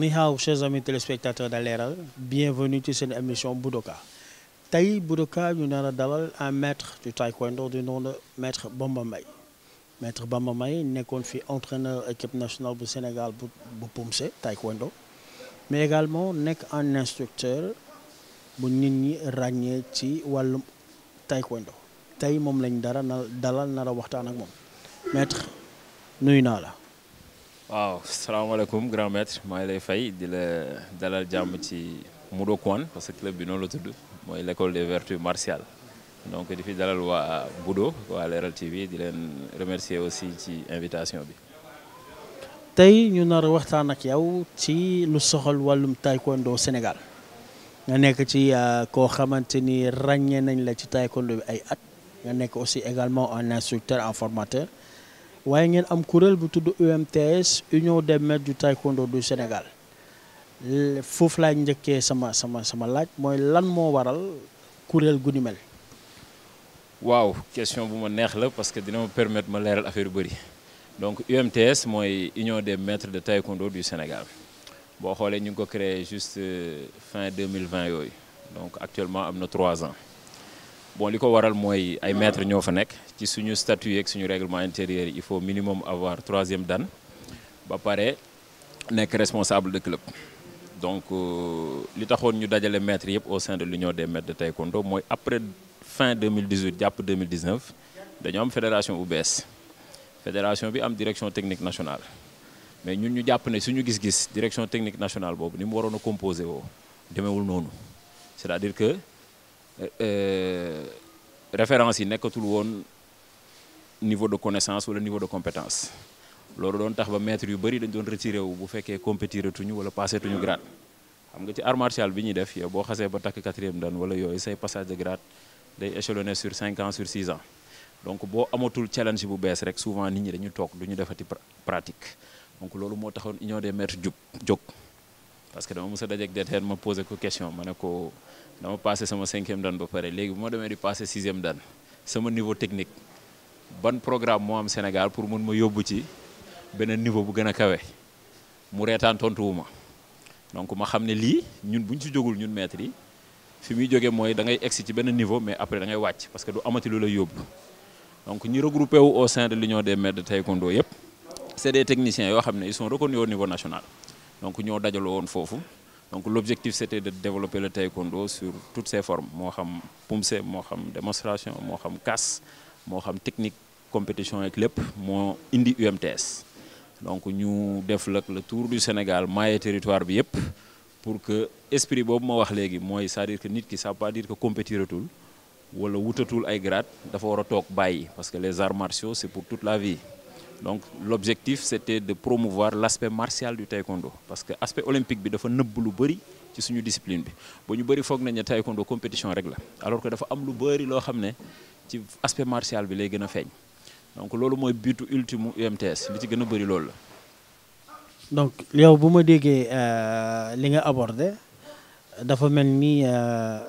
ni haaw chers amis téléspectateurs de Leral bienvenue ci seen émission Budoka tey Budoka ñu nar a dalal un maître du taekwondo du nom de maître Bamba Mbaye maître Bamba Mbaye nekkoon fi entraîneur équipe nationale bu Sénégal bu bu Pomse taekwondo mais également nekk un instructeur bu nit ñi ràññee ci wàllum taekwondo tey moom lañ dara dalal nara waxtaan ak moom maître nuyu naa la. waaw salaamaaleykum grand maître maa ngi lay fay di la dalal jàmm ci Modou Kwan parce que club bi noonu la tudd mooy l'école des vertus martiales donc di fi dalal waa Budo waa Leral TV di leen remercier aussi ci invitation bi. tey ñu nar waxtaan ak yow ci lu soxal wàllum taekwondo Sénégal nga nekk ci euh, koo xamante ni ràññee nañ la ci taekwondo bi ay at nga nekk aussi également un instructeur un formateur. waaye ngeen am kuréel bu tudd UMTS Union des maîtres du taekwondo du Sénégal foofu laay njëkkee sama sama sama laaj mooy lan moo waral kuréel gu ni mel. waaw question bu ma neex la parce que dina ma permettre ma leeral affaire yu bëri donc UMTS mooy Union des maîtres de taekwondo du Sénégal boo xoolee ñu ngi ko créé juste euh, fin 2020 yooyu donc actuellement am na trois ans. bon li ko waral mooy ay maîtres ñoo fa nekk ci suñu statut yeeg suñu règlement intérieur il faut minimum avoir troisième dan ba pare nekk responsable de club. donc euh, li taxoon ñu dajale maîtres yëpp au sein de l'union des maîtres de taekwondo mooy après fin 2018 jàpp 2019 dañu am fédération u bees fédération bi am direction technique nationale mais ñun ñu jàpp ne suñu gis-gis direction technique nationale boobu ni mu waroon a composé woo demewul noonu c'est-à-dire que Euh, euh, référence yi nekkatul woon niveau de connaissance wala niveau de compétence loolu doon tax ba metre yu bëri dañ doon retiré wu bu fekkee compétiratuñu wala passetuñu grade xam nga ci art martial bi ñuy def yow boo xasee ba takk quatrième dan wala yooyu say passage de grade day échelonné sur 5 ans sur 6 ans donc boo amatul challenge bu bees rek souvent nit ñi dañu toog duñu ñu defati pratique donc loolu moo taxoon union des maîtres jub jóg parce que dama mës ko question ma ne ko. dama passé sama cinquième dan ba pare léegi bu ma demee di passé sixième dan sama niveau technique ban programme moo am Sénégal pour mën ma yóbbu ci beneen niveau bu gën a kawe mu reetaan tontu wu ma donc ma xam ne lii ñun bu ñu si jógul ñun maîtres yi fi muy jógee mooy da ngay egsi ci benn niveau mais après da ngay wàcc parce que du amati lu lay yóbbu donc ñi regroupé wu au sein de l'union des maîtres de taekwondo yëpp c'est des techniciens yoo xam ne ils sont reconnus au niveau national donc ñoo dajaloo donc l'objectif c'était de développer le taekwondo sur toutes ses formes moo xam pumse moo xam démonstration moo xam casse moo xam technique compétition ak lépp moo indi UMTS donc ñu def lak tour du Sénégal maaye territoire bi yëpp pour que esprit boobu ma wax léegi mooy c'est-à-dire nit ki ça veut pas dire que compétiratul wala wutatul ay grade dafa war a toog bàyyi parce que les arts martiaux c'est pour toute la vie donc l'objectif c'était de promouvoir l'aspect martial du taekwondo parce que aspect olympique bi dafa nëbb lu bëri ci suñu discipline bi ba ñu bëri foog nañ ne taekwondo compétition rek la alors que dafa am lu bëri loo xam ne ci aspect martial bi lay gën a feeñ donc loolu mooy butu ultime UMTS li ci gën a bëri loolu la. donc yow bu ma déggee euh, li nga abordé dafa mel ni euh,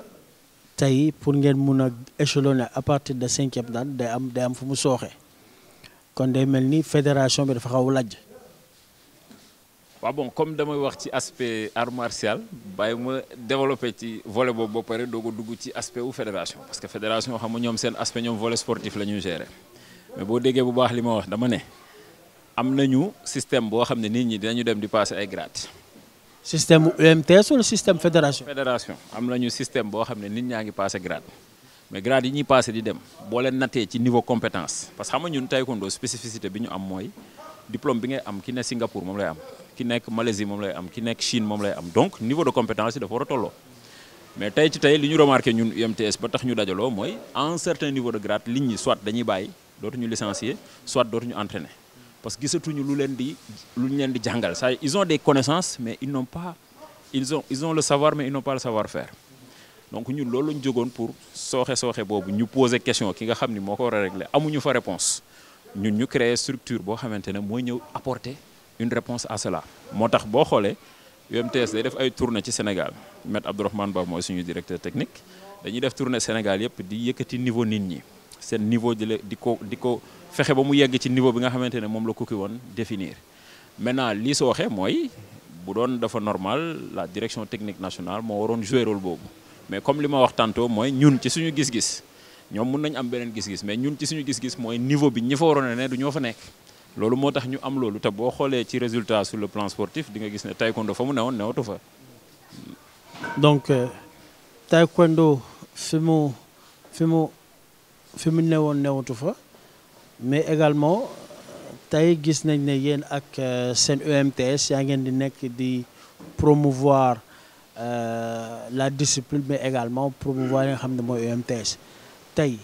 tey pour ngeen mun a échelonner à partir de cinquième daan day am day am fu mu sooxee. kon day mel ni fédération bi dafa xaw a laaj. waaw bon comme damay wax ci aspect art martial bàyyi ma développé ci volet boobu ba pare doo ko dugg ci aspect wu fédération parce que fédération xam nga ñoom seen aspect ñoom volet sportif la ñuy gérer mais boo déggee bu baax li ma wax dama ne am nañu système boo xam ne nit ñi dinañu dem di passer ay grades. système UMTS wala système fédération. fédération am nañu système boo xam ne nit ñaa ngi passer grade. mais grade yi ñuy passé di dem boo leen nattee ci niveau compétence parce que xam nga ñun taekwondo spécificité bi ñu am mooy diplôme bi ngay am ki ne Singapour moom lay am ki nekk Malaisie moom lay am ki nekk Chine moom lay am donc niveau de compétence yi dafa war tolloo mais tey ci tey li ñu remarqué ñun UMTS ba tax ñu dajaloo mooy en certain niveau de grade liñ ñi soit dañuy bàyyi ñu licencier soit dootuñu entraîner parce que gisatuñu lu leen di lu leen di jàngal ça ils des connaissances mais ils n'ont pas ils le savoir mais ils n'ont pas donc ñun loolu ñu jógoon pour sooxe sooxe boobu ñu poser question ki nga xam ni moo ko war a régler amuñu fa réponse ñun ñu créer structure boo xamante ne mooy ñëw apporter une réponse à cela moo tax boo xoolee UMTS day def ay tournée ci Sénégal Maître Abdourahmane Ba mooy suñu directeur technique dañuy def tournée Sénégal yëpp di yëkkati niveau nit ñi seen niveau di di ko di ko fexe ba mu yegg ci niveau bi nga xamante ne moom la ko ki woon définir maintenant lii sooxee mooy bu doon dafa normal la direction technique nationale moo waroon jouer boobu mais comme li ma wax tantôt mooy ñun ci suñu gis-gis ñoom mun nañ am beneen gis-gis mais ñun ci suñu gis-gis mooy niveau bi ñi fa waroon a ne ñoo fa nekk loolu moo tax ñu am loolu te boo xoolee ci résultat sur le plan sportif di nga gis ne taekwondo fa mu newoon newatu fa. donc euh, taekwondo fi mu fi mu fi mu newatu fa mais également tey gis nañ ne yéen ak euh, seen EMTS yaa ngeen di nekk di promouvoir. Euh, la discipline mais également promouvoir li nga xam ne mooy UMTS e tey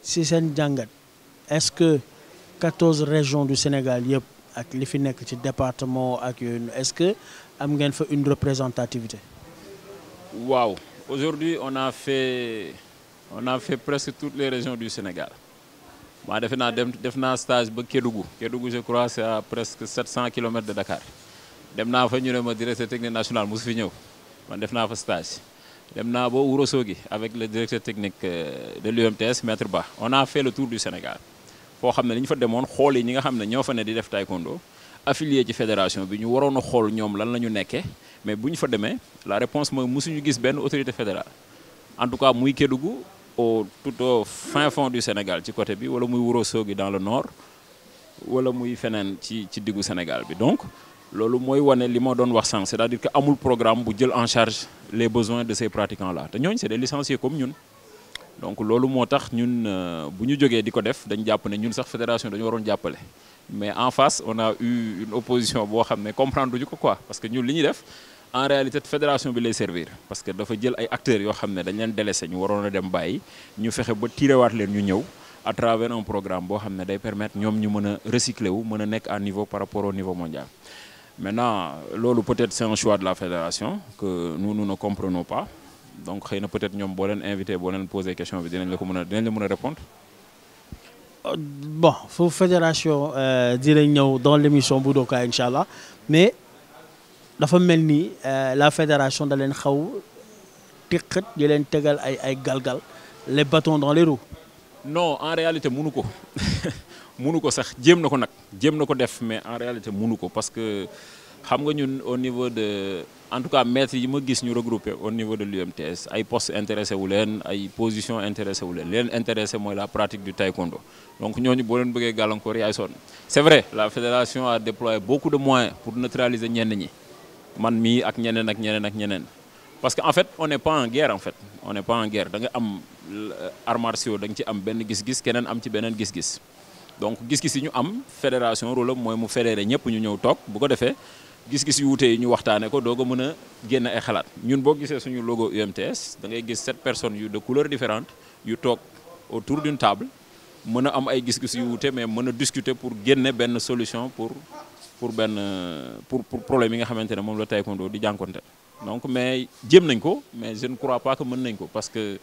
si seen jàngat est-ce que quatorze régions du Sénégal yëpp ak li fi nekk ci département ak yooyu est-ce que am ngeen fa une représentativité. waaw aujourd'hui on a fait on a fait presque toutes les régions du Sénégal maa defe naa dem def naa stage ba Kédougou Kédougou je crois c'est à presque 700 kilomètres de Dakar dem naa fa ñu ne ma directeur technique national mosu fi ñëw. man def naa fa stage dem naa boo ba Ourossogui avec le directeur technique euh, de l'UMTS maître Ba on a fait le tour du Sénégal foo xam ne li ñu fa demoon xool yi ñi nga xam ne ñoo fa ne di def taekwondo affilié ci fédération bi ñu waroon a xool ñoom lan la ñu nekkee mais bu ñu fa demee la réponse mooy mosuñu gis benn autorité fédérale en tout cas muy Kédougou au tout au fin fond du Sénégal ci côté bi wala muy Ourossogui dans le nord wala muy feneen ci ci diggu Sénégal bi donc loolu mooy wane li ma doon wax sànq c'est-à-dire que amul programme bu jël en charge les besoins de ces pratiquants là te ñooñu c'est des licenciés comme ñun donc loolu moo tax ñun euh, bu ñu jógee di ko def dañ jàpp ne ñun sax fédération dañu waroon jàppale mais en face on a eu une opposition boo xam ne comprendre duñu ko quoi parce que ñun li ñuy def en réalité fédération bi lay servir parce que dafa jël ay acteurs yoo xam ne dañ leen délaissé ñu waroon dem bàyyi ñu fexe ba tirewaat leen ñu ñëw à travers boo xam ne day permettre ñoom ñu mën a recycler nekk niveau par rapport au mondial mais Maintenant, loolu peut-être c'est un choix de la fédération que nous, nous ne comprenons pas. Donc, peut-être nous avons invité, nous poser des questions, nous allons répondre. Bon, faut fédération euh, dire dans l'émission Boudoka, Inch'Allah. Mais la famille, euh, la fédération xaw Khaou, Tikret, leen Tegal, ay Galgal, les baton dans les roues. Non, en réalité, munu ko munu ko sax jëm na ko nag jëm na ko def mais en réalité munu ko parce que xam nga ñun au niveau de en tout cas maîtres yi ma gis ñu regroupé au niveau de l'UMTS ay postes intéressé wu leen ay position intéressé wu leen leen intéressé mooy la pratique du taekwondo donc ñooñu boo leen bëggee gàllankoor yaay sonn c'est vrai la fédération a déployé beaucoup de moyens pour neutraliser ñenn ñi man mii ak ñeneen ak ñeneen ak ñeneen parce que en fait on n'est pas en guerre en fait on n'est pas en da nga am euh, arts martiaux da nga ci am benn gis-gis keneen am ci beneen gis-gis donc gis-gis yi ñu am fédération rôle mooy mu fédéré ñëpp ñu ñëw toog bu ko defee gis-gis yu wute yi ñu waxtaanee ko doog a mën a génn ay xalaat ñun boo gisee suñu logo UMTS da ngay gis sept personnes yu de couleurs différente yu toog autour d'une table mën a am ay gis-gis yu wuute mais mën a discuter pour génne benn solution pour pour benn pour pour problème yi nga xamante ne moom la taekwondo di jànkonte donc mais jéem nañ ko mais je ne crois pas mën nañ ko parce que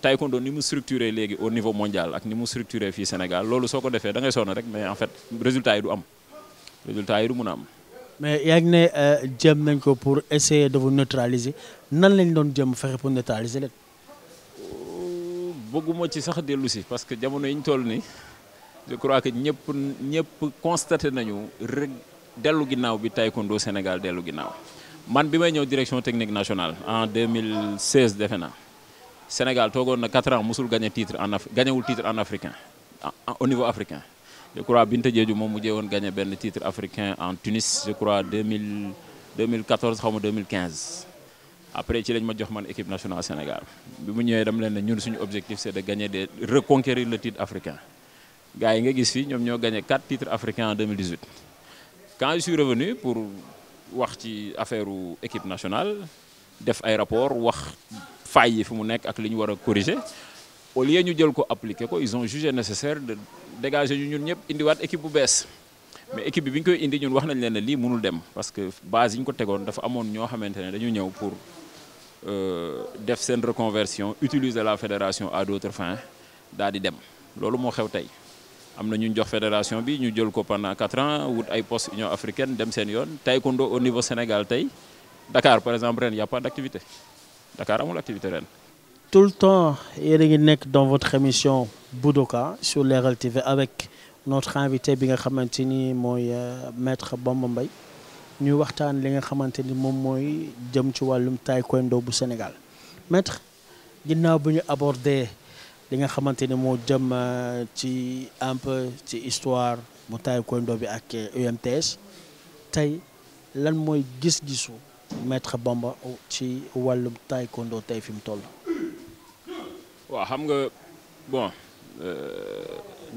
taekwondo ni mu structuré léegi au niveau mondial ak ni mu structuré fii Sénégal loolu soo ko defee da ngay sonn rek mais en fait résultat yi du am résultat yi du mun a am. mais yaa ngi ne euh, jëm nañ ko pour essayer de vous neutraliser nan lañ doon jëm fexe pour neutraliser leen. bëgguma ci sax dellu si parce que jamono yi ñu toll nii je crois que ñëpp ñëpp constaté nañu rek dellu ginnaaw bi taekwondo Sénégal dellu ginnaaw man bi may ñëw direction technique national en 2016 defe naa. Sénégal toogoon na 4 ans mosul gagné titre en Afrique gagnewul titre en africain au niveau africain je crois Binta Diédhiou moom mujjee woon gagné benn titre africain en Tunis je crois 2000 2014 xaw ma 2015. après ci lañ ma jox man équipe nationale Sénégal bi mu ñëwee dama leen ne ñun suñu objectif c' est de gagner des reconquérir le titre africain gars yi nga gis fii ñoom ñoo gagné 4 titres africains en 2018. quand je suis revenu pour wax ci affaire équipe nationale def ay rapport wax failles yi fi mu nekk ak li ñu war a corriger au lieu ñu jël ko appliquer ko ils ont jugé nécessaire de dégager ñu ñun ñëpp indiwaat équipe bu bees mais équipe bi bi ñu koy indi ñun wax nañ leen ne lii mënul dem parce que base yi ñu ko tegoon dafa amoon ñoo xamante ne dañu ñëw pour euh, def seen reconversion utiliser la fédération à d'autres fins daal di dem loolu moo xew tey am na ñu jox fédération bi ñu jël ko pendant quatre ans wut ay poste Union africaine dem seen yoon taekwondo au niveau Sénégal tey Dakar par exemple ren y a pas Dakar amul activité ren. tout le temps yéen a ngi nekk dans votre émission Budoka sur Leral TV avec notre invité bi nga xamante ni mooy euh, maître Bamba mbay ñuy waxtaan li nga xamante ni moom mooy jëm ci wàllum taekwondo bu Sénégal maître ginnaaw bu ñu abordé li nga xamante ni moo jëm euh, ci un ci histoire mu taekwondo bi ak UMTS euh, tey lan mooy gis-gisu. maître Bamba ci wàllum taekwondo tey fi mu toll. waaw xam nga bon euh,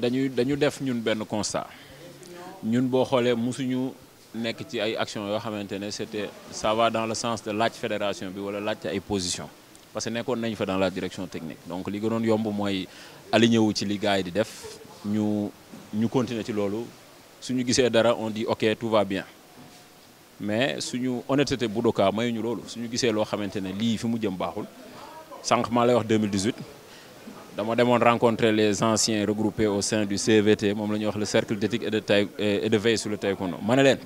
dañuy dañu def ñun benn constat ñun boo xoolee mosuñu nekk ci ay action yoo xamante ne c'était ça va dans le sens de laaj fédération bi wala laaj ay position parce que nekkoon nañ fa dans la direction technique donc li doon yomb mooy aligné wu ci li gars yi di def ñu ñu continuer ci loolu su ñu gisee dara on dit ok tout va bien. mais suñu honnêteté bu doka mayu ñu loolu suñu gisee loo xamante ne lii fi mu jëm baaxul sànq maa lay wax 2018 dama demoon rencontrer les anciens regroupés au sein du CVT moom la ñuy wax le cercle d'éthique et de taï et de veille sur leen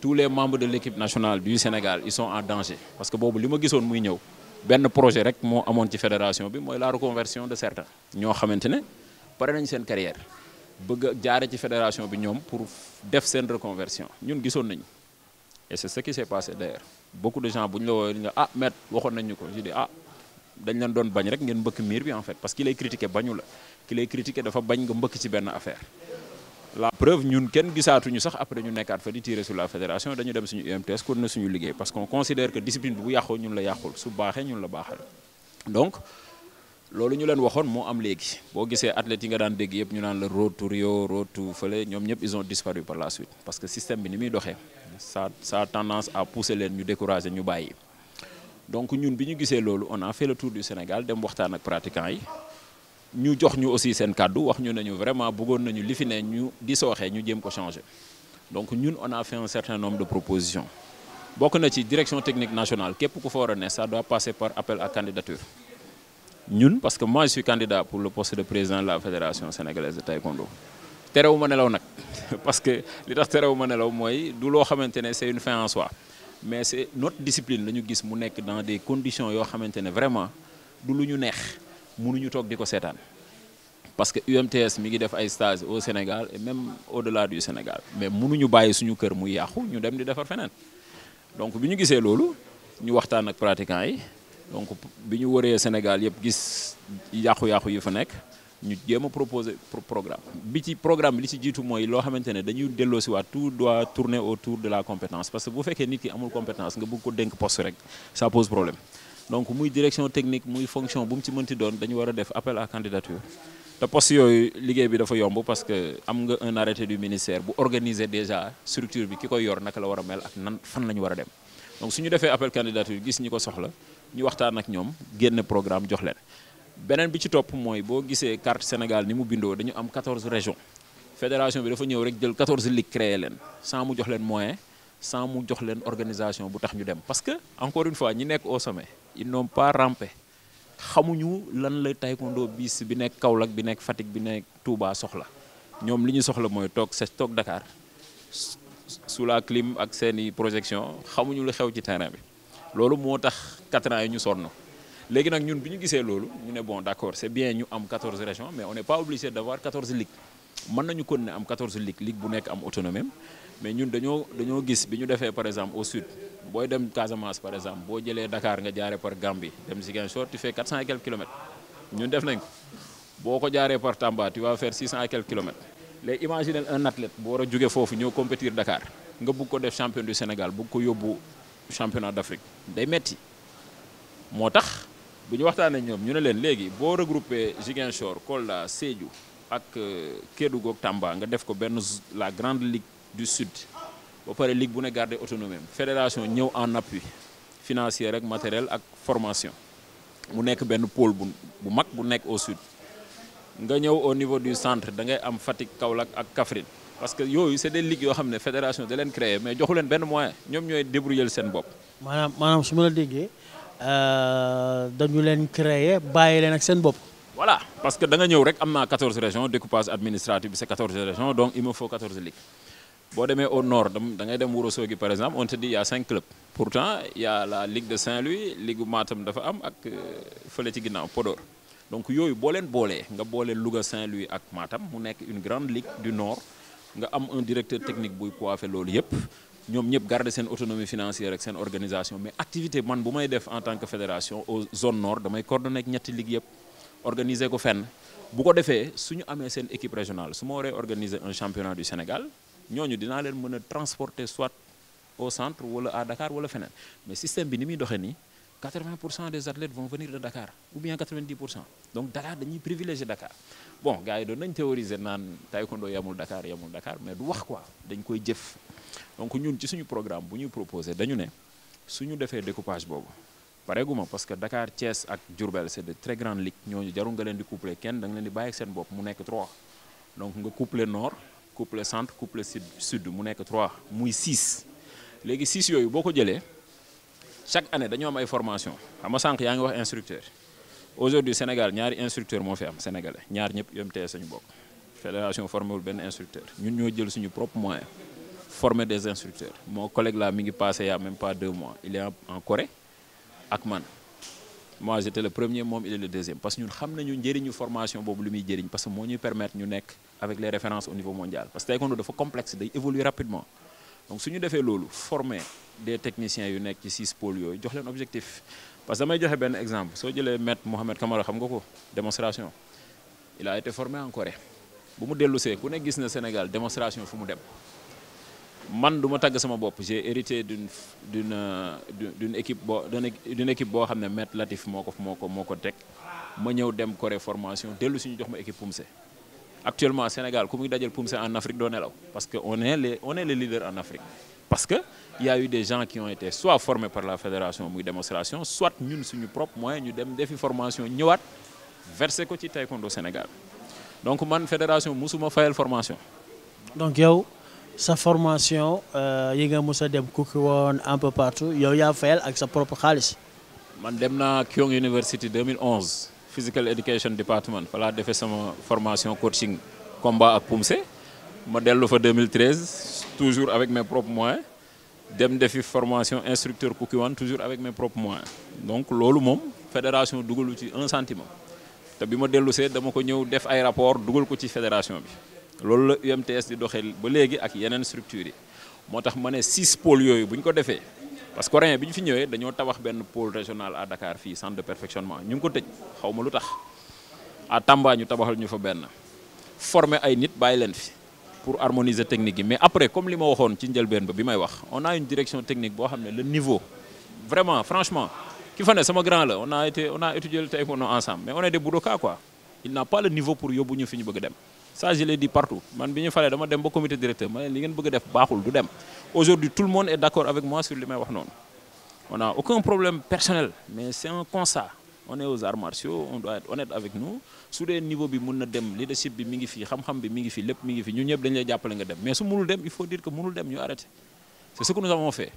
tous les membres de l'équipe nationale du Sénégal ils sont en danger parce que boobu li ma gisoon muy ñëw benn projet rek moo amoon ci fédération bi mooy la reconversion de certains ñoo xamante ne pare nañ seen carrière bëgg a ci fédération bi ñoom pour def seen reconversion ñun gisoon nañu et c'est ce qui s'est passé d'ailleurs beaucoup de gens bu ñu la woowee ñu ah maître waxoon nañ ko je dis ah dañ leen doon bañ rek ngeen mbëkk miir bi en fait parce que ki lay critiquer bañu la ki lay critiquer dafa bañ nga mbëkk ci benn affaire. la preuve ñun kenn gisaatuñu sax après ñu nekkaat fa di tirer sur la fédération dañu dem suñu UMTS kon na suñu liggéey parce qu'on considère que discipline bi bu yàqoo ñun la yàqul su baaxee ñun la baaxal donc. loolu ñu leen waxoon moo am léegi boo gisee athlètes yi nga daan dégg yëpp ñu naan la road to Rio road to fële ñoom ñëpp ils disparu par la suite parce que système bi ni muy doxe sa ça a tendance à pousser leen ñu décourager ñu bàyyi. donc ñun bi ñu gisee loolu on a fait le tour du Sénégal dem waxtaan ak pratiquants yi ñu jox ñu aussi seen kàddu wax ñu nañu vraiment bëggoon nañu li fi ne ñu di sooxee ñu jéem ko changer donc ñun on a fait un certain nombre de propositions na ci direction technique nationale képp ku fa war ne ça doit passer par appel à ñun parce que moi je suis candidat pour le poste de président de la fédération sénégalaise de taekwondo terewuma nelaw nag parce que li tax terewuma nelaw mooy du loo xamante ne c'est une fin en soi mais c'est notre discipline la ñu gis mu nekk dans des conditions yoo xamante ne vraiment du lu ñu neex ñu toog di ko seetaan parce que UMTS mi ngi def ay stage au Sénégal et même au de la du Sénégal mais ñu bàyyi suñu kër mu yàqu ñu dem di defar feneen donc bi ñu gisee loolu ñu waxtaan ak pratiquants yi. donc bi ñu waree Sénégal yëpp gis yàqu-yàqu yi fa nekk ñu jéem a proposer programme bi ci programme bi li ci jiitu mooy loo xamante ne dañuy delloosiwaat tout doit tourner autour de la compétence parce que bu fekkee nit ki amul compétence nga bëgg ko dénk poste rek ça pose problème donc muy direction technique muy fonction bu mu ci mënti doon dañu war a def appel à candidature te poste yooyu liggéey bi dafa yomb parce que am nga un arrêté du ministère bu organiser déjà structure bi ki koy yor naka la war a mel ak nan fan la ñu war dem donc suñu defee appel candidature gis ñi ko soxla ñu waxtaan ak ñoom génne programme jox leen beneen bi ci topp mooy boo gisee carte Sénégal ni mu bindoo dañu am 14 régions fédération bi dafa ñëw rek jël 14 ligues créé leen sans mu jox leen moyen sans mu jox leen organisation bu tax ñu dem parce que encore une fois ñi nekk au sommet ils n'ont pas rampé xamuñu lan la taekwondo bis bi nekk Kaolack bi nekk Fatick bi nekk Touba soxla ñoom li ñu soxla mooy toog sa toog Dakar sous la clim ak seeni projection xamuñu lu xew ci terrain bi loolu moo tax 4 ans yi ñu sonn léegi nag ñun bi ñu gisee loolu ñu ne bon d' accord c' bien ñu am 14 régions mais on n' est pas obligé d' avoir 14 ligues mën nañu kon ne am 14 bu nekk am autonomie mais ñun dañoo dañoo gis bi ñu defee par exemple au sud booy dem Casamance par exemple boo jëlee dakaar nga jaare par Gambie dem Ziguinchor tu fais 400 et quelques kilomètres ñun def nañ ko boo ko jaaree par Tamba tu vas faire 600 et quelques kilomètres léegi imaginez un athlète bu war a jóge foofu ñëw compétir Dakar ko def champion Sénégal bugg ko yóbbu championnat d'Afrique day metti moo tax bu ñu waxtaanee ñoom ñu ne leen léegi boo regroupé Ziguinchor Kolda Sédhiou ak euh, Kédougou ak Tamba nga def ko benn la grande ligue du sud ba pare ligue bu ne garder autonomie fédération ñëw en appui financier rek matériel ak formation mu nekk benn pôle bu bu mag bu nekk au sud nga ñëw au niveau du centre da ngay am Fatick Kaolack ak Kaffrine parce que yooyu c' est des ligues yoo xam ne fédération da leen créé mais joxu leen benn moyen ñoom ñooy débrouiller seen bopp. maanaam maanaam su ma la déggee euh, dañu leen créer bàyyi leen ak seen bopp. voilà parce que da nga ñëw rek am naa 14 régions découpage administratif bi c' est 14 régions donc il me faut 14 ligues boo demee au nord da dem Wuro Sogi par exemple on te dit y' a 5 pourtant y' la ligue de Saint-Louis ligue maatam dafa am ak euh, fële ci ginnaaw Podor. donc yooyu boo leen boolee nga boolee Louga Saint-Louis ak Matam mu nekk une grande ligue du nord. nga am un directeur technique buy coiffer loolu yëpp ñoom ñëpp garder seen autonomie financière rek seen organisation mais activité man bu may def en tant que fédération au zone nord damay coordonner ak ñetti ligue yëpp organiser ko fen bu ko defee su ñu amee seen équipe régionale su ma waree organiser un championnat du Sénégal ñooñu dinaa leen mën a transporter soit au centre wala à Dakar wala feneen mais système bi ni muy doxee nii. 80 pour cent des athlètes vont venir de Dakar ou bien 90 pour cent donc Dakar dañuy privilégier Dakar bon gars yi doon nañ théoriser naan taekwondo yamul Dakar yamul Dakar mais du wax quoi dañ koy jëf donc ñun ci suñu programme bu ñuy proposé dañu ne suñu defee découpage boobu pareeguma parce que Dakar Thiès ak Diourbel c' est de très grandes ligues ñooñu jarul nga leen di couplé kenn da nga leen di bàyyi seen bopp mu nekk 3 donc nga couplé nord couplé centre couplé sud sud mu nekk 3 muy 6 léegi 6 yooyu boo ko jëlee. chaque année dañoo am ay formation xam nga sànq yaa ngi wax instructeur aujourd'hui Sénégal ñaari instructeur moo fi am sénégalais ñaar ñëpp UMTS sañu bokk fédération formé wul benn instructeur ñun ñoo jël suñu propre moyen former des instructeurs mon collègue mi ngi passé il y a même mois il est en Corée ak man moi j'étais le premier moom il est formation boobu lu muy jëriñ parce que moo ñuy permettre ñu nekk avec les références au niveau mondial parce que taekwondo dafa évoluer rapidement donc su ñu defee loolu former des techniciens yu nekk ci six pôles yooyu jox leen objectif parce que damay joxe benn exemple soo jëlee maître Mohamed Camara xam nga ko démonstration il a été formé en Corée bu mu dellusee ku ne gis na Sénégal démonstration fu mu dem man du ma tàgg sama bopp j'ai hérité d'une d'une euh, d'une équipe boo d'une équipe boo xam ne maître Latif moo ko moo ko moo ko teg ma ñëw dem Corée formation dellu suñu jox ma équipe Poumse actuellement Sénégal ku muy dajal Poumse en Afrique doo nelaw parce que on est les Parce que il y a eu des gens qui ont été soit formés par la fédération muy démonstration soit ñun suñu propre moyen ñu dem defi formation ñëwaat versé ko ci taekwondo Sénégal donc man fédération musuma fayal formation. donc yow sa formation euh, yi nga mus a dem kukki woon un peu partout yow yaa fayal ak sa propre xaalis. man dem naa Kyong University 2011 physical education department fa la defee sama formation coaching combat ak Poumse ma dellu fa 2013. toujours avec mes propres moyens dem defi formation instructeur Kukiwan toujours avec mes propres moyens donc loolu moom fédération dugalu ci un centime te bi ma dellu see dama ko ñëw def ay rapport dugal ko ci fédération bi loolu la UMTS di doxee ba léegi ak yeneen structures yi moo tax ma ne six pôles yooyu bu ñu ko defee parce que coréen bi ñu fi ñëwee dañoo tabax benn pôle régional à Dakar fii centre de perfectionnement ñu ngi ko tëj xaw ma lu tax à Tamba tabaxal ñu fa benn former ay nit bàyyi leen fi pour harmoniser technique yi mais après comme li ma waxoon ci njëlbeen ba bi may wax on a une direction technique boo xam ne le niveau vraiment franchement ki fa ne sama grand la on a été on a ensemble mais on est budoka quoi il n'a pas le niveau pour yóbbu ñu fi ñu bëgg dem ça je l'ai dit partout man bi ñu falee dama dem ba comité directeur ma li ngeen bëgg def baaxul du dem aujourd'hui tout le monde est d'accord avec moi sur li may on est aux arts martiaux on doit être honnête avec nous su dee niveau bi mun na dem leadership bi mi ngi fii xam-xam bi mi ngi fii lépp mi ngi fi ñun ñëpp dañu lay jàppale nga dem mais su munul dem il faut dire que munul dem ñu arrêté c'est ce que nous avons fait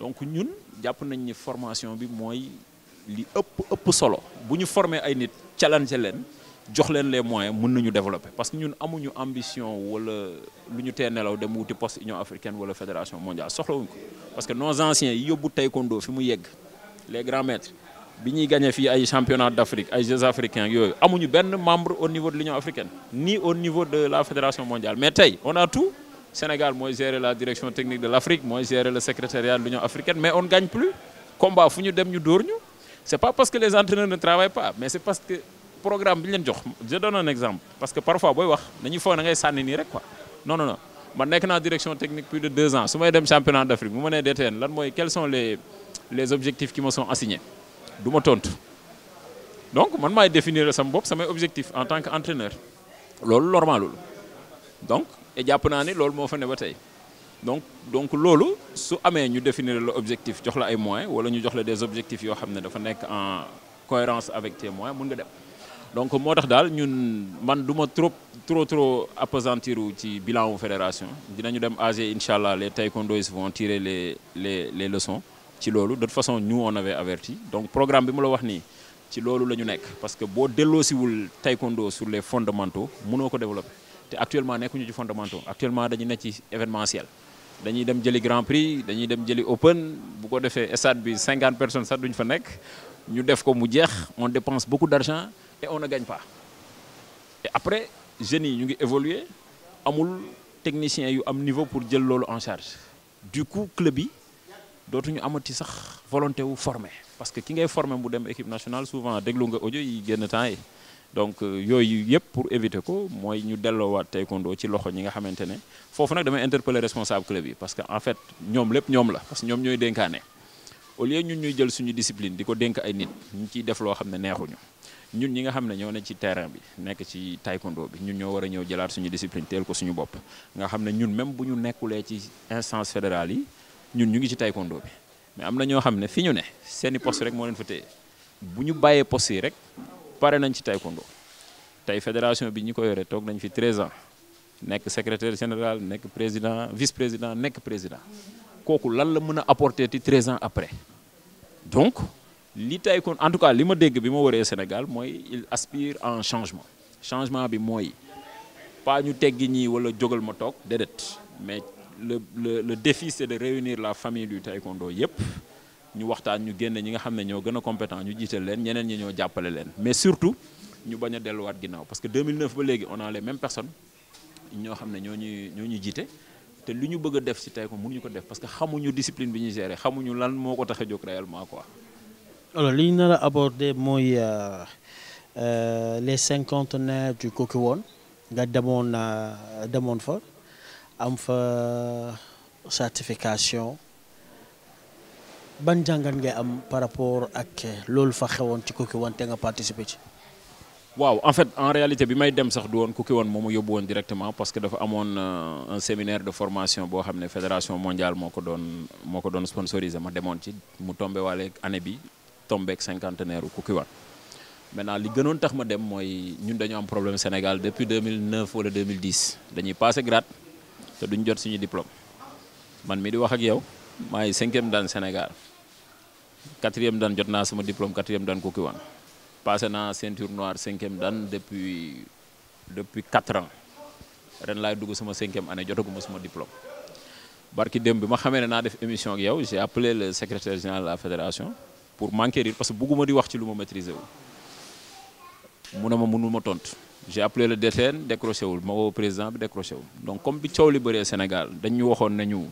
donc ñun jàpp nañ ni formation bi mooy li ëpp ëpp solo bu ñu former ay nit challenger leen jox leen les moyens mun nañu développer parce que ñun amuñu ambition wala lu ñu tee nelaw dem wuti poste Union africaine wala fédération mondiale soxlawuñ ko parce que nos yi yóbbu taekwondo fi mu yegg les grands maîtres bi ñuy gagné fii ay championnat d'Afrique ay Jeux africains yooyu amuñu benn membre au niveau de l'Union africaine ni au niveau de la fédération mondiale mais tey on a tout Sénégal mooy gérer la direction technique de l'Afrique mooy gérer le secrétariat de l'Union africaine mais on ne gagne plus combat fu ñu dem ñu dóor ñu c'est pas parce que les entraîneurs ne travaillent pas mais c'est parce que programme bi ñu leen jox je donne un exemple parce que na ngay sànni nii rek quoi non non non man nekk naa direction technique du ma tontu donc man maay définir sama bopp samay objectif en tant que entraîneur loolu normalul donc et jàpp naa ni loolu moo fa ne ba tey donc donc loolu su amee ñu définir la objectif jox la ay moyens wala ñu jox la des objectifs yoo xam ne dafa nekk en cohérence avec tes moyens mun nga dem donc moo tax daal ñun man du ma trop trop trop appesantiru ci bilan wu fédération dinañu dem age incha allah les taekwondoistes vont tirer les les les leçons ci loolu de toute façon ñu on avait averti donc programme bi mu la wax nii ci loolu la ñu nekk parce que boo delloosiwul taekwondo sur les fondamentaux munoo ko développer te actuellement nekkuñu ci fondamentaux actuellement dañu nekk ci événementiel dañuy dem jëli grand prix dañuy dem jëli open bu ko defee stade bi 50 personnes sax duñ fa nekk ñu def ko mu jeex on dépense beaucoup d'argent et on a gagne pas et après jeunes yi ñu ngi évoluer amul technicien yu am niveau pour jël loolu en charge du coup club dootuñu amati sax volonté wu formé parce que ki ngay formé bu dem équipe nationale souvent déglu nga audio yi génn temps yi donc euh, yooyu yëpp pour éviter ko mooy ñu delloowaat taekwondo ci loxo ñi nga xamante ne foofu nag damay interpeller responsable club yi parce que en fait ñoom lépp ñoom la parce que ñoom ñooy dénkaane au lieu ñun ñuy jël suñu discipline di ko dénk ay nit ñu ciy def loo xam ne neexuñu ñun ñi nga xam ne ñoo ne ci terrain bi nekk ci taekwondo bi ñun ñoo war a ñëw jëlaat suñu discipline teel ko suñu bopp nga xam ne ñun même bu ñu nekkulee ci instance fédérale yi ñun ñu ngi ci taekwondo bi mais am na ñoo xam ne fi ñu ne seeni poste rek moo leen fa téye bu ñu bàyyee poste yi rek pare nañ ci taekwondo tey fédération bi ñu ko yore toog nañ fi 13 ans nekk secrétaire général nekk président vice président nekk président kooku lan la mën a apporter ti 13 ans après donc li taekwondo en tout cas li ma dégg bi ma waree Sénégal mooy il aspire un changement changement bi mooy pas ñu teggi ñi wala jógal ma toog déedéet mais le le le de réunir la famille du taekwondo yëpp ñu waxtaan ñu génn ñi nga xam ne ñoo gën compétent ñu jiital leen ñeneen ñi ñoo jàppale leen mais surtout ñu baña a delluwaat ginnaaw parce que 2009 ba léegi on a les mêmes personnes ñoo xam ne ñoo ñu ñoo ñuy jiite te lu ñu bëgg a def ci taekwondo ñu ko def parce que xamuñu discipline bi ñu gérer xamuñu lan moo ko tax a jóg réellement quoi. alors li ñu nar a aborder mooy euh, euh, les cinquantenaires du Kooki woon nga demoon euh, demoon fa. am fa certification ban jàngat nga am par rapport ak loolu fa xewoon ci Kuki One te nga participer ci. waaw en fait en réalité bi may dem sax du woon Kuki One moo ma yóbbu woon directement parce que dafa amoon euh, un séminaire de formation boo xam ne fédération mondiale moo ko doon moo ko doon sponsorisé ma demoon ci mu tombé waale bi tombeek cinquantenaire u Kuki One maintenant li gënoon tax ma dem mooy ñun dañu am problème Sénégal depuis 2009 wala 2010 dañuy pa grade. te duñ jot suñu diplôme man mi di wax ak yow maay cinquième dan Sénégal quatrième dan jot naa sama diplôme quatrième dan kooku woon passé naa ceinture noire cinquième daan depuis depuis quatre ans ren laay dugg sama cinquième année jotaguma sama diplôme. barki démb bi ma xamee ne naa def émission ak yow j'ai appelé le secrétaire général de la fédération pour m'enquérir parce que bugguma di wax ci lu ma matrisé wu mu ne ma mënul ma tontu. j'ai appelé le DTN décroché wul ma woo président bi décroché wul donc comme bi coow li bëree Sénégal dañu waxoon nañu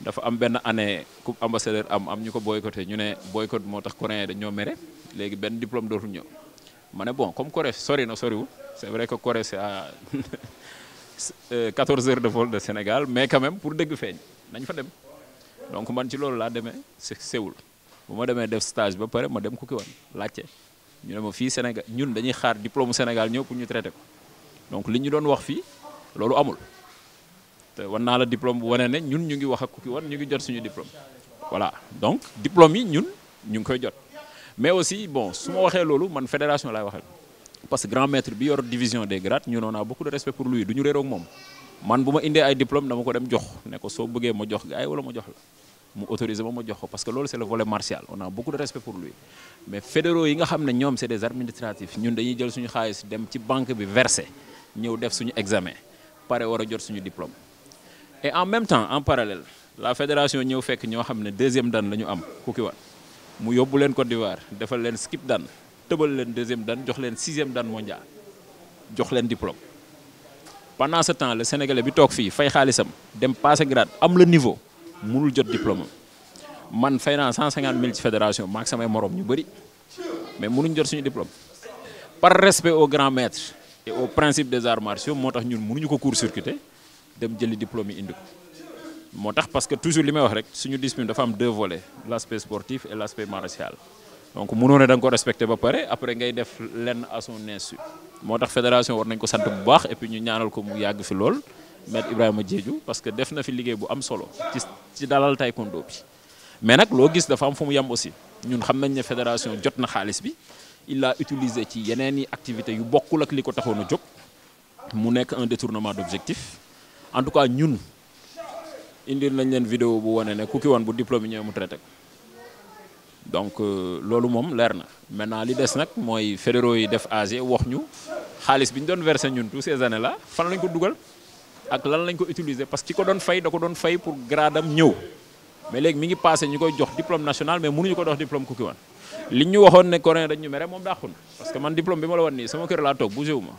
dafa am benn année coupe ambassadeur am am ñu ko boycotté ñu ne boycott moo tax coréen dañoo mere léegi benn diplôme dootul ñëw ma ne bon comme Corée sori na soriwul c'est vrai que Corée c'est à 14 euh, heures de vol de Sénégal mais quand même pour dëgg feeñ nañ fa dem donc man ci loolu laa demee Séoul bu ma demee def stage ba pare ma dem Kukiwon laajte. ñu ne ma fii Sénégal ñun dañuy xaar diplôme Sénégal ñëw pour ñu traité ko donc li ñu doon wax fii loolu amul te wan naa la diplôme bu wane ne ñun ñu ngi wax ak ku ki wan ñu ngi jot suñu diplôme voilà donc diplôme yi ñun ñu ngi koy jot mais aussi bon su ma waxee loolu man fédération laay waxee parce que grand maître bi yor division des grades ñun on a beaucoup de respect pour lui du ñu réeroog moom man bu ma indee ay diplôme dama ko dem jox ne ko soo bëggee ma jox gaay wala ma jox la mu autorisé ma ma jox ko parce que loolu c' est le volet martial on a beaucoup de respect pour lui mais fédéraux yi nga xam ne ñoom c' est des administratifs ñun dañuy jël suñu xaalis dem ci banque bi versé ñëw def suñu examen pare war a jot suñu diplôme. et en même temps en parallèle la fédération ñëw fekk ñoo xam ne deuxième dan lañu am kuki wat mu yóbbu leen Côte d'Ivoire defal leen skip dan tëbal leen deuxième dan jox leen sixième dan mondial jox leen diplôme. pendant ce temps le sénégalais bi toog fii fay xaalisam dem passé grade am le niveau. mënul jot diplôme man fey naa 150 000 ci fédération maak samay moroom ñu bëri mais mënuñ jot suñu diplôme par respect au grand maître et au principe des arts martiaux moo tax ñun mënuñu ko court-circuiter dem jëli diplôme yi indi ko moo tax parce que toujours li may wax rek suñu discipline dafa am deux volets l'aspect sportif et l'aspect martial donc mënoo ne da nga ko respecté ba pare après ngay def lenn à son moo tax fédération war nañ ko sant bu baax et puis ñu ko mu yàgg fi lool maître Ibrahima Diédhiou parce que def na fi liggéey bu am solo ci ci dalal taekwondo bi mais nag loo gis dafa am fu mu yem aussi ñun xam nañ ne fédération jot na xaalis bi illa l'a ci yeneen i activités yu bokkul ak li ko taxoon a jóg mu nekk un détournement d'objectif en tout cas ñun indi nañ leen video bu wane ne ku ki woon bu diplôme yi ñëwee mu traité donc euh, loolu moom leer na maintenant li des nag mooy fédéraux yi def AG wax ñu xaalis bi ñu doon versé ñun tous ces années là fan lañ ko dugal. ak lan lañ ko utiliser parce que ki ko doon fay da ko doon fay pour gradam ñëw mais léegi mi ngi passé ñu koy jox diplôme national mais mënuñu ko dox diplôme ku ki wan li ñu waxoon ne coréen dañ ñu mere moom dàqun parce que man diplôme bi ma la wan nii sama kër laa toog bougé wu ma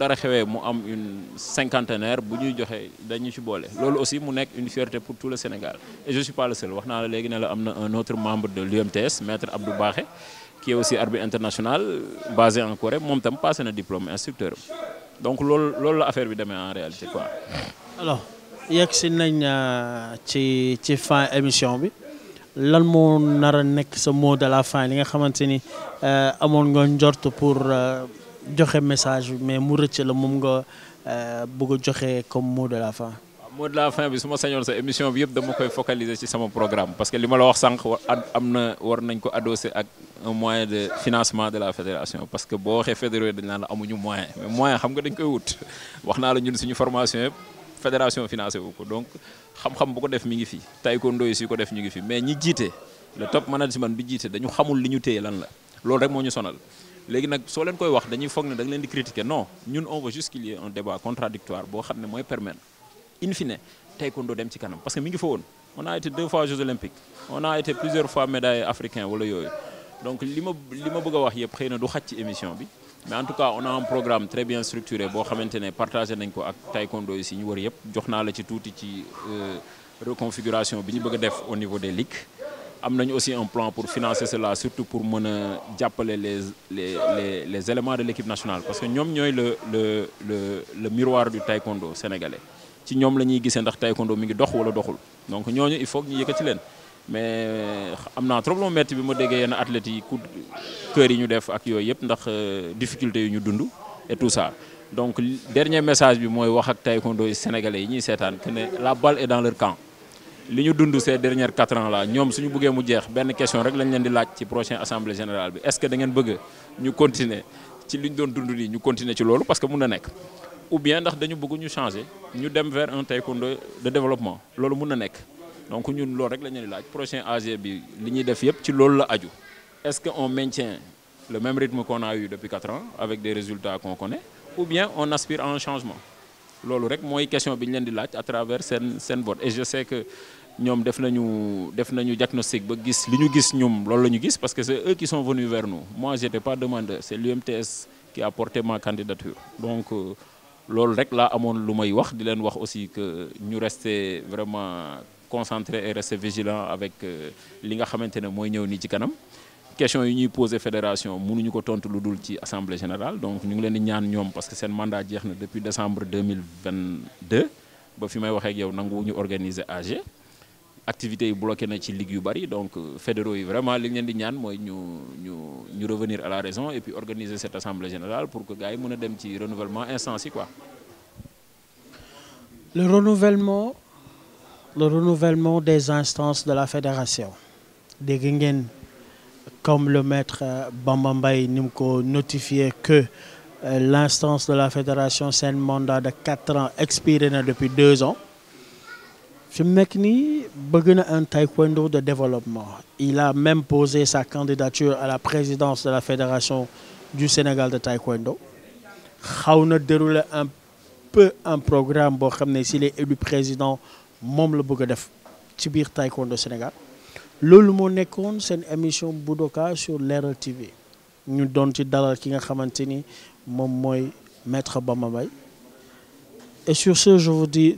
dara xewee mu am une cinquantenaire bu ñuy joxe dañu ci boole loolu aussi mu nekk une pour tout le Sénégal et je suis pas le seul wax membre de l'UMTS maître Abdou Baxé qui aussi arbitre international basé en Corée moom tam passé na diplôme instructeur donc loolu loolu la affaire bi demee en réalité quoi. alors yegg si nañ euh, ci ci fin émission bi lan moo nar nekk sa mot de la fin li nga xamante ni euh, amoon nga njort pour euh, joxe message bi mais mu rëcc la moom nga bëgg a joxe comme mot de la fin. mot de la fin bi su ma sañoon sa émission bi yëpp dama koy focaliser ci sama programme parce que li ma la wax sànq am na war nañ ko adossé ak un moyen de financement de la fédération parce que boo waxee fédéraux dañ naan la amuñu moyen mais moyen xam nga dañ koy wut wax naa la ñun suñu formation yëpp fédération financé wu ko donc xam-xam bu ko def mi ngi fi taekwondo yi su ko def ñu ngi fi mais ñi jiite le top management bi jiite dañu xamul li ñu téye lan la loolu rek moo ñu sonal léegi nag soo leen koy wax dañuy foog ne leen di critiquer non ñun on veut juste boo xam ne mooy permettre in fine taekwondo dem ci kanam parce que mu ngi fa woon on a été deux fois Jeux olympiques on a été plusieurs fois médaille africain wala yooyu donc li ma li ma bëgg wax yëpp xëy na du xac ci émission bi mais en tout cas on a un programme très bien structuré boo xamante ne partagé nañ ko ak taekwondo yi si ñu wër yëpp jox naa la ci tuuti ci euh, reconfiguration bi ñu bëgg def au niveau des ligues am nañu aussi un plan pour financer cela surtout pour mën a jàppale les les les les de l' équipe nationale parce que ñoom ñooy le le le le miroir du taekwondo sénégalais. ci ñoom la ñuy gisee ndax taekwondo mi ngi dox wala doxul donc ñooñu il faut ñu yëkkati leen mais euh, am naa trop lu metti bi ma déggee yenn athlètes yi ku kër yi ñu def ak yooyu yëpp ndax euh, difficulté yu ñu dund et tout ça donc dernier message bi mooy wax ak taekwondo yi sénégalais yi ñuy seetaan que ne la balle est dans leur camp li ñu dund ces dernières quatre ans là ñoom suñu bëggee mu jeex benn question rek lañ leen di laaj ci prochain assemblée générale bi est-ce que da ngeen ci li ñu doon dund nii ñu continuer ci loolu parce que mun na nekk ou bien ndax dañu bëgg ñu changer ñu dem vers un taekwondo de développement loolu mun na nekk donc ñu loolu rek la ñuy laaj prochain AG bi li ñuy def yëpp ci loolu la aju est-ce que on maintient le même rythme qu'on a eu depuis quatre ans avec des résultats qu'on connaît ou bien on aspire un changement loolu rek mooy question bi ñu leen di laaj à travers seen seen vote et je sais que ñoom def nañu def nañu diagnostic ba gis li ñu gis ñoom loolu la ñu gis parce que c'est eux qui sont venus vers nous moi j'étais pas demandeur c'est l'UMTS qui loolu rek laa amoon lu may wax di leen wax aussi que ñu rester vraiment concentre et rester vigilant avec euh, li nga xamante ne mooy ñëw nii ci kanam question yi ñuy pose fédération mënuñu ko tontu lu dul ci assemblée générale donc ñu ngi leen di ñaan ñoom parce que seen mandat jeex na depuis décembre 2022 ba fi may waxee ak yow ñu organiser age activités yi bloqué na ci ligue yu bari donc euh, fédéraux yi vraiment li ñu leen di ñaan mooy ñu ñu ñu revenir à la raison et puis organiser cette assemblée générale pour que gars yi mën a dem ci renouvellement instance yi quoi. le renouvellement le renouvellement des instances de la fédération. dégg ngeen comme le maître euh, Bamba Mbaye ni mu ko notifié que euh, l'instance de la fédération seen mandat de quatre ans expiré na depuis deux ans. fi mu nekk nii bëgg na un taekwondo de développement il a même posé sa candidature à la présidence de la fédération du Sénégal de taekwondo xaw na dérouler un peu un programme boo xam ne s'il est élu président moom la bëgg a def ci biir taekwondo Sénégal loolu moo nekkoon seen émission Budoka sur Leral TV ñu doon ci dalal ki nga xamante ni moom mooy maître Bamba Mbaye Et sur ce, je vous dis